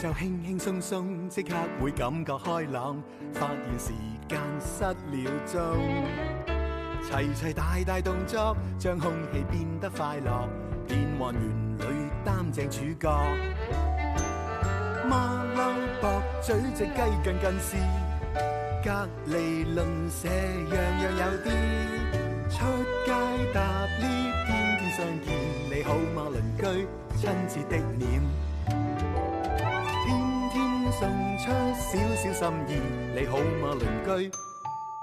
就輕輕鬆鬆，即刻會感覺開朗，發現時間失了蹤。齊齊大大動作，將空氣變得快樂，變幻園裏擔正主角。馬騮博嘴隻雞近近視，隔籬鄰舍樣樣有啲。出街搭 𨋢 天天相見，你好嗎，鄰 居？親切的臉。送出少少心意，你好嗎鄰居？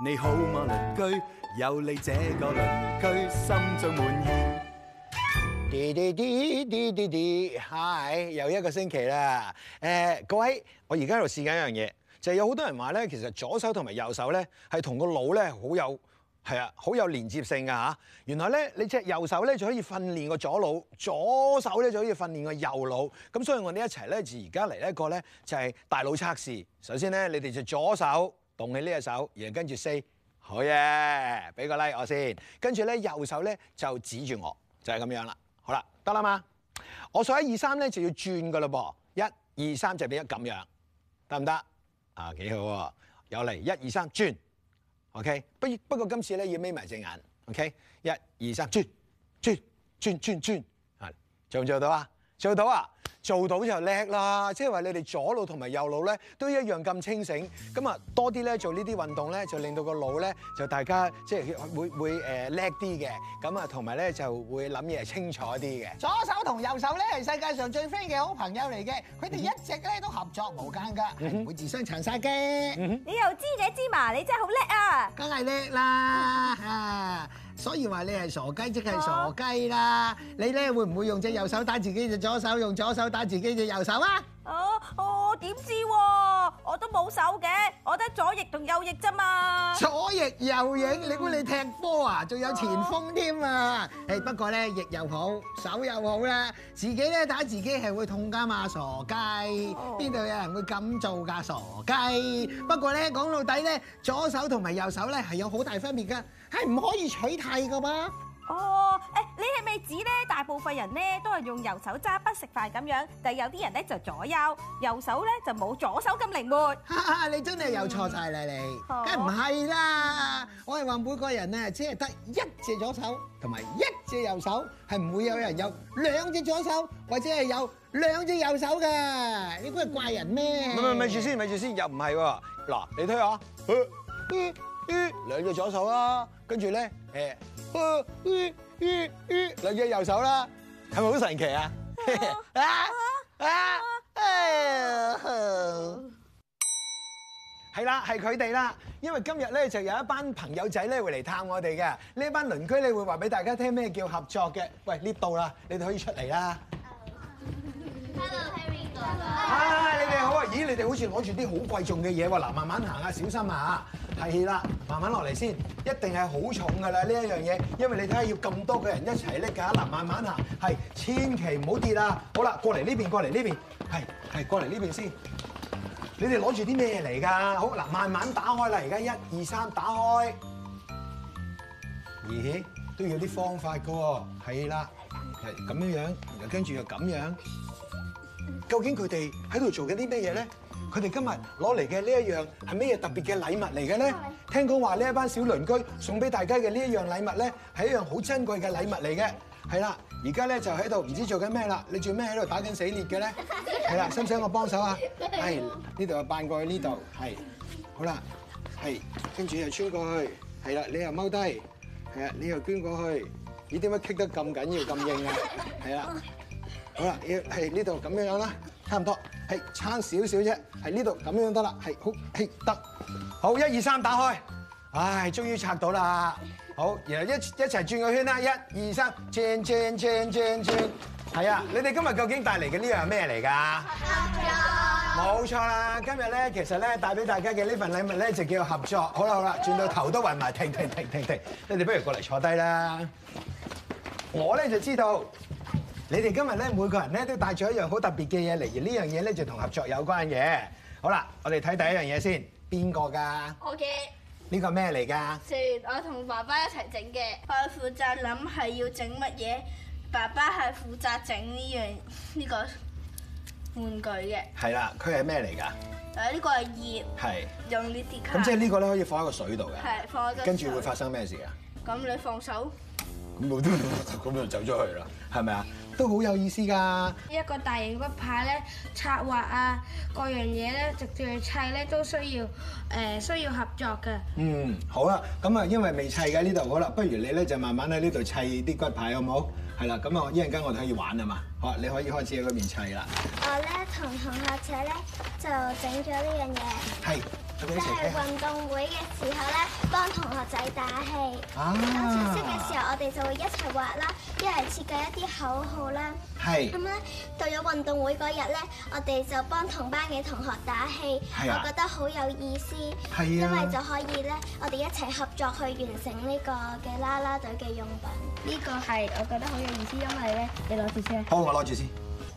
你好嗎鄰居？有你這個鄰居，心中滿意。嘀嘀嘀嘀嘀嘀，嗨！又一個星期啦。誒，各位，我而家喺度試緊一樣嘢，就係有好多人話咧，其實左手同埋右手咧，係同個腦咧好有。係啊，好有連接性㗎嚇！原來咧，你隻右手咧就可以訓練個左腦，左手咧就可以訓練個右腦。咁所以我哋一齊咧，就而家嚟一個咧就係大腦測試。首先咧，你哋就左手動起呢隻手，然後跟住四，好嘅，俾個 like 我先。跟住咧右手咧就指住我，就係、是、咁樣啦。好啦，得啦嘛。我數一二三咧就要轉噶啦噃，一二三就變咗咁樣，得唔得？啊，幾好，有嚟一二三轉。OK，不不過今次咧要眯埋隻眼，OK，一、二、三，轉、轉、轉、轉、轉，係做唔做得到啊？做到啊！做到就叻啦，即係話你哋左腦同埋右腦咧都一樣咁清醒，咁啊多啲咧做呢啲運動咧就令到個腦咧就大家即係會會誒叻啲嘅，咁啊同埋咧就會諗嘢清楚啲嘅。左手同右手咧係世界上最 friend 嘅好朋友嚟嘅，佢哋一直咧都合作無間噶，mm-hmm. 唔會自相殘殺嘅。Mm-hmm. 你又知嘅，芝麻？你真係好叻啊！梗係叻啦。 所以話你係傻雞，即係傻雞啦！你呢會唔會用隻右手打自己隻左手，用左手打自己隻右手啊？哦，我點知喎？我都冇手嘅，我得左翼同右翼啫嘛。左翼右翼，你估你踢波啊？仲有前鋒添啊？誒不過咧，翼又好，手又好啦。自己咧打自己係會痛㗎嘛，傻雞。邊度有人會咁做㗎，傻雞？不過咧，講到底咧，左手同埋右手咧係有好大分別㗎，係唔可以取替㗎嘛。誒，你係咪指咧？大部分人咧都係用右手揸筆食飯咁樣，但係有啲人咧就左右，右手咧就冇左手咁靈活。你真係又錯晒啦，你梗係唔係啦！我係話每個人咧只係得一隻左手同埋一隻右手，係唔會有人有兩隻左手或者係有兩隻右手噶。你估係怪人咩？咪咪咪住先，咪住先，又唔係喎。嗱，你聽啊。兩隻左手啦，跟住咧誒，兩隻右手啦，係咪好神奇啊？啊啊啊！係啦，係佢哋啦，因為今日咧就有一班朋友仔咧會嚟探我哋嘅呢一班鄰居，咧會話俾大家聽咩叫合作嘅？喂，呢度啦，你哋可以出嚟啦。Hello，Harry 哥。啊，你哋好啊？咦，你哋好似攞住啲好貴重嘅嘢喎！嗱，慢慢行啊，小心啊！係啦，慢慢落嚟先，一定係好重㗎啦呢一樣嘢，因為你睇下要咁多個人一齊拎㗎。嗱慢慢行，係千祈唔好跌啦，好啦，過嚟呢邊過嚟，呢邊，係係過嚟呢邊先。佢哋今日攞嚟嘅呢一樣係咩特別嘅禮物嚟嘅咧？聽講話呢一班小鄰居送俾大家嘅呢一樣禮物咧，係一樣好珍貴嘅禮物嚟嘅。係啦，而家咧就喺度唔知做緊咩啦？你做咩喺度打緊死烈嘅咧？係啦，使唔使我幫手啊？係呢度又扮過去呢度，係好啦，係跟住又穿過去，係啦，你又踎低，係啊，你又捐過去，你點解棘得咁緊要咁硬啊？係啦，好啦，要係呢度咁樣樣啦，差唔多。係撐少少啫，喺呢度咁樣得啦，係好，嘿得，好，一二三打開，唉，終於拆到啦，好，然後一一齊轉個圈啦，一二三，轉轉轉轉轉，係啊，你哋今日究竟帶嚟嘅呢樣係咩嚟㗎？冇錯啦，今日咧其實咧帶俾大家嘅呢份禮物咧就叫合作。好，好啦好啦，轉到頭都暈埋，停停停停停，你哋不如過嚟坐低啦，我咧就知道。你哋今日咧，每個人咧都帶咗一樣好特別嘅嘢嚟，而呢樣嘢咧就同合作有關嘅。好啦，我哋睇第一樣嘢先，邊個㗎？我嘅。呢個咩嚟㗎？食我同爸爸一齊整嘅，我負責諗係要整乜嘢，爸爸係負責整呢樣呢個玩具嘅。係啦，佢係咩嚟㗎？誒，呢個係葉。係。用呢啲卡。咁即係呢個咧可以放喺個水度嘅，係，放。跟住會發生咩事啊？咁你放手。咁 就咁就走咗去啦，係咪啊？都好有意思噶，一個大型骨牌咧，策劃啊，各樣嘢咧，直接去砌咧都需要誒需要合作嘅。嗯，好啦，咁啊，因為未砌嘅呢度好啦，不如你咧就慢慢喺呢度砌啲骨牌好唔好？係啦，咁啊一陣間我哋可以玩啊嘛。你可以開始喺嗰面砌啦。我咧同同學仔咧就整咗呢樣嘢，係，即係、就是、運動會嘅時候咧，幫同學仔打氣。啊！休息嘅時候，我哋就會一齊畫啦，一係設計一啲口號啦。係。咁咧，到咗運動會嗰日咧，我哋就幫同班嘅同學打氣。係啊，我覺得好有意思。係、啊，因為就可以咧，我哋一齊合作去完成呢個嘅啦啦隊嘅用品。呢個係我覺得好有意思，因為咧，你攞住先。好。耐住先。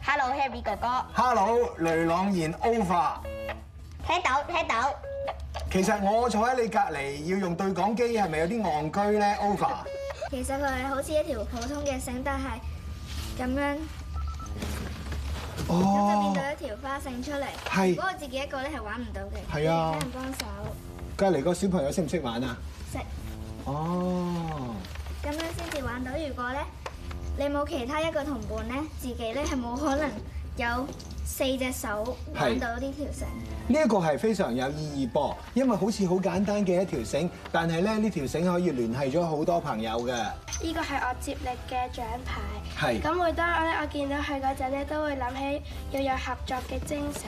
Hello，Harry 哥哥。Hello，雷朗然，Over。聽到聽到。其實我坐喺你隔離要用對講機，係咪有啲戇居咧？Over。其實佢係好似一條普通嘅繩，但係咁樣，咁就變到一條花繩出嚟。係。如果我自己一個咧，係玩唔到嘅。係啊。有人幫手。隔離個小朋友識唔識玩啊？識。哦。咁樣先至玩到。如果咧？你冇其他一個同伴呢？自己呢，係冇可能有四隻手揾到呢條繩。呢一個係非常有意義噃，因為好似好簡單嘅一條繩，但係咧，呢條繩可以聯繫咗好多朋友嘅。呢個係我接力嘅獎牌。係。咁每當我呢，我見到佢嗰陣咧，都會諗起要有合作嘅精神，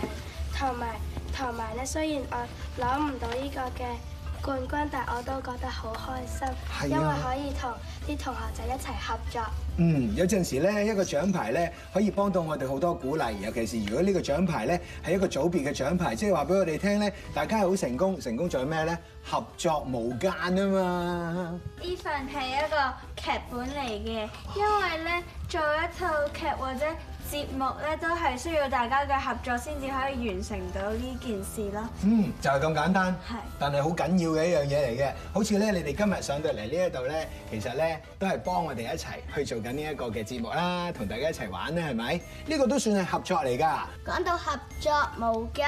同埋同埋呢，雖然我攞唔到呢個嘅冠軍，但我都覺得好開心，因為可以同啲同學仔一齊合作。嗯，有陣時咧，一個獎牌咧，可以幫到我哋好多鼓勵。尤其是如果呢個獎牌咧，係一個組別嘅獎牌，即係話俾我哋聽咧，大家係好成功，成功做咩咧？合作無間啊嘛！呢份係一個劇本嚟嘅，因為咧做一套劇或者，節目咧都係需要大家嘅合作先至可以完成到呢件事啦。嗯，就係咁簡單。係，但係好緊要嘅一樣嘢嚟嘅。好似咧，你哋今日上到嚟呢一度咧，其實咧都係幫我哋一齊去做緊呢一個嘅節目啦，同大家一齊玩咧，係咪？呢個都算係合作嚟噶。講到合作無間，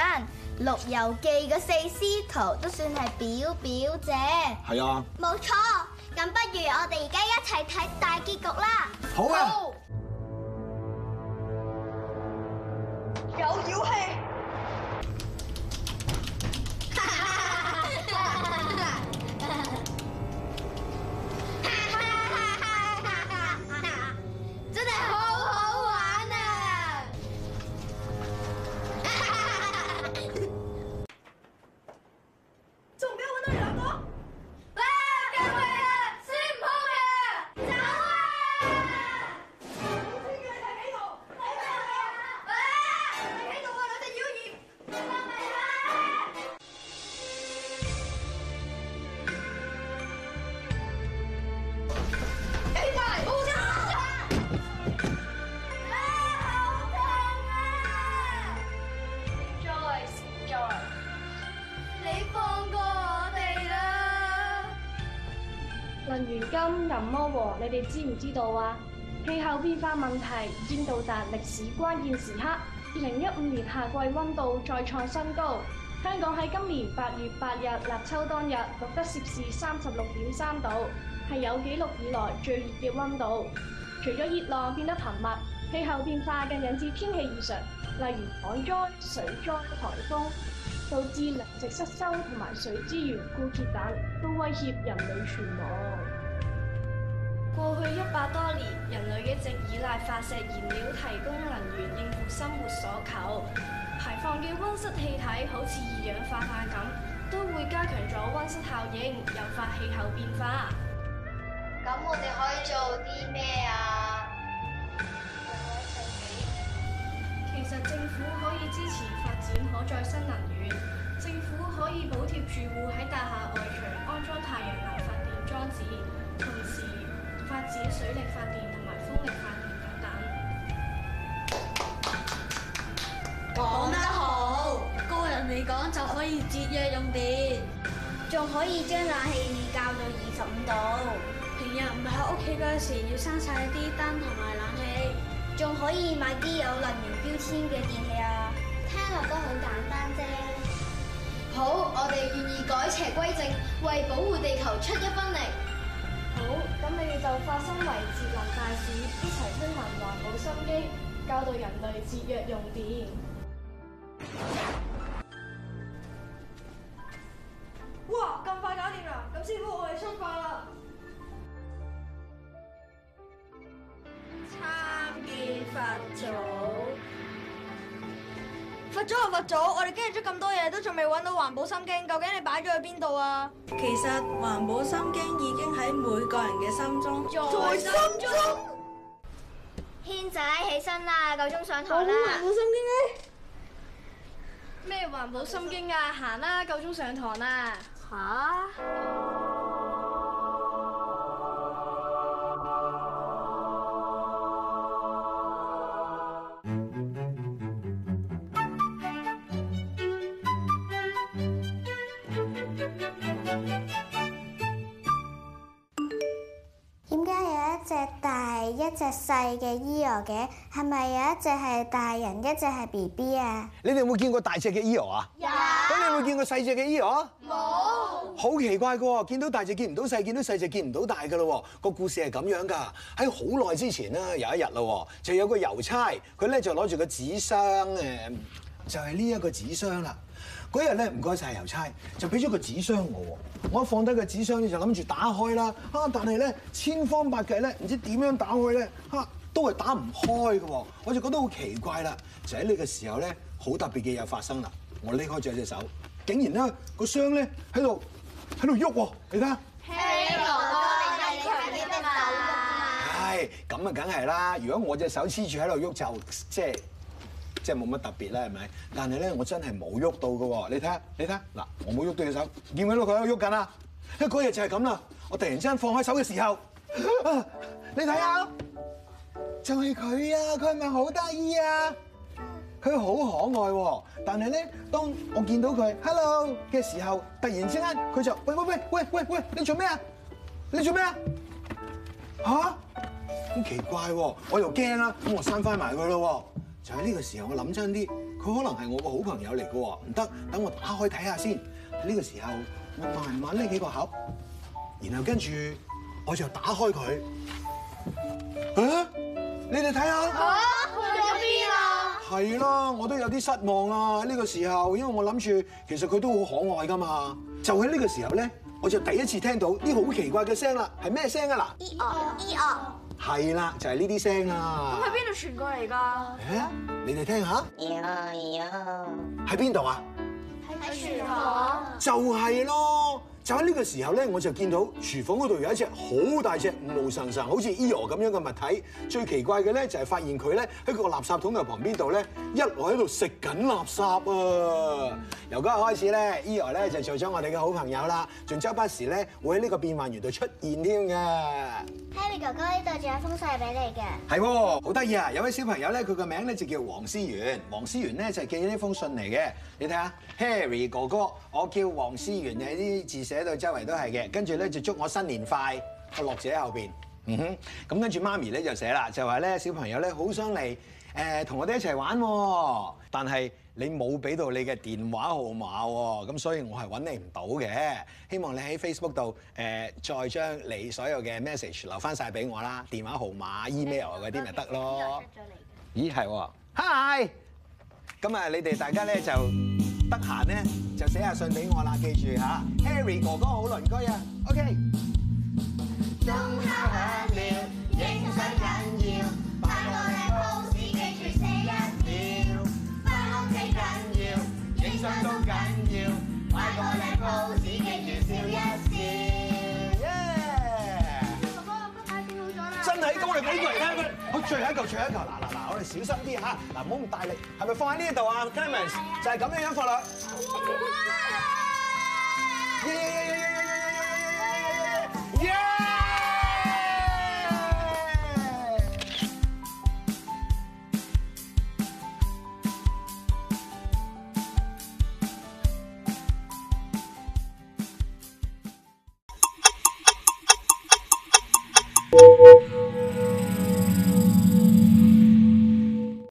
《綠遊記》嘅四師徒都算係表表姐。係啊。冇錯。咁不如我哋而家一齊睇大結局啦。好啊。有妖氣！你哋知唔知道啊？氣候變化問題已經到達歷史關鍵時刻。二零一五年夏季溫度再創新高，香港喺今年八月八日立秋當日錄得攝氏三十六點三度，係有紀錄以來最熱嘅溫度。除咗熱浪變得頻密，氣候變化更引致天氣異常，例如旱災、水災、颱風，導致糧食失收同埋水資源枯竭等，都威脅人類存亡。過去一百多年，人類一直依賴化石燃料提供能源，應付生活所求。排放嘅溫室氣體好似二氧化碳咁，都會加強咗溫室效應，誘發氣候變化。咁我哋可以做啲咩啊？政府其實政府可以支持發展可再生能源，政府可以補貼住戶喺大廈外牆安裝太陽能發電裝置，同時。發展水力發電同埋風力發電等等。講得好，個人嚟講就可以節約用電，仲可以將冷氣校到二十五度。平日唔喺屋企嗰時要熄晒啲燈同埋冷氣，仲可以買啲有能源標籤嘅電器啊。聽落都好簡單啫。好，我哋願意改邪歸正，為保護地球出一分力。我哋就化身為節能大使，一齊推行環保心機，教導人類節約用電。早啊佛祖，我哋經歷咗咁多嘢，都仲未揾到環保心經，究竟你擺咗去邊度啊？其實環保心經已經喺每個人嘅心中，在心中。軒仔，起身啦，夠鐘上堂啦。環保心經咩？咩環保心經啊？行啦，夠鐘上堂啦。吓？細嘅 Eo 嘅係咪有一隻係大人，一隻係 B B 啊？你哋有冇見過大隻嘅 Eo 啊？有。咁你有冇見過細隻嘅 Eo 啊？冇。好奇怪嘅喎，見到大隻見唔到細，見到細隻見唔到大噶咯。個故事係咁樣噶，喺好耐之前啦，有一日咯，就有個郵差，佢咧就攞住個紙箱誒，就係呢一個紙箱啦。嗰日咧唔該晒郵差，就俾咗個紙箱我。我一放低個紙箱咧，就諗住打開啦。但係咧千方百計咧，唔知點樣打開咧，都係打唔開嘅。我就覺得好奇怪啦。就喺呢個時候咧，好特別嘅嘢發生啦。我拎開咗隻手，竟然咧個箱咧喺度喺度喐。你睇、hey, 下，係哥哥你強啲定我？係咁啊，梗係啦。如果我隻手黐住喺度喐，就即係。即係冇乜特別啦，係咪？但係咧，我真係冇喐到嘅。你睇下，你睇下嗱，我冇喐到隻手，見唔見到佢喺度喐緊啊？嗰日就係咁啦。我突然之間放開手嘅時候，你睇下，就係佢啊！佢係咪好得意啊？佢好可愛喎。但係咧，當我見到佢 hello 嘅時候，突然之間佢就喂喂喂喂喂喂，你做咩啊？你做咩啊？吓？好奇怪喎！我又驚啦，咁我閂翻埋佢咯。就喺呢個時候，我諗真啲，佢可能係我個好朋友嚟㗎喎，唔得，等我打開睇下先。喺呢個時候，我慢慢拎起個盒，然後跟住我就打開佢，啊。你哋睇下嚇，去咗邊啦？係啦，我都有啲失望啊！喺呢個時候，因為我諗住其實佢都好可愛㗎嘛。就喺呢個時候咧，我就第一次聽到啲好奇怪嘅聲啦，係咩聲啊嗱？咿哦，咿哦。係啦，就係呢啲聲啊。咁喺邊度傳過嚟㗎？誒，你哋聽下。喲呀，喺邊度啊？喺樹上。就係咯。就喺呢個時候咧，我就見到廚房度有一隻好大隻毛神神，好似 Eo 咁樣嘅物體。最奇怪嘅咧，就係發現佢咧喺個垃圾桶嘅旁邊度咧，一路喺度食緊垃圾啊！由嗰日開始咧，Eo 咧就做咗我哋嘅好朋友啦，仲周不時咧會喺呢個變幻園度出現添嘅。Harry 哥哥呢度仲有封信俾你嘅。係喎，好得意啊！有一位小朋友咧，佢嘅名咧就叫黃思源，黃思源咧就係寄呢封信嚟嘅。你睇下，Harry 哥哥，我叫黃思源嘅呢啲字。寫到周圍都係嘅，跟住咧就祝我新年快樂，個落字喺後邊。嗯哼，咁跟住媽咪咧就寫啦，就話咧小朋友咧好想嚟誒同我哋一齊玩，但係你冇俾到你嘅電話號碼喎，咁所以我係揾你唔到嘅。希望你喺 Facebook 度誒、呃、再將你所有嘅 message 留翻晒俾我啦，電話號碼、email 嗰啲咪得咯。咦，係喎、哦。Hi，咁啊，你哋大家咧就。 得閒咧就寫下信俾我啦，記住嚇，Harry 哥哥好鄰居啊，OK。我俾佢 Clarence 我最後一球，最後一球，嗱嗱嗱，我哋小心啲吓。嗱，唔好咁大力，係咪放喺呢度啊 Clarence 就係、是、咁樣樣放啦。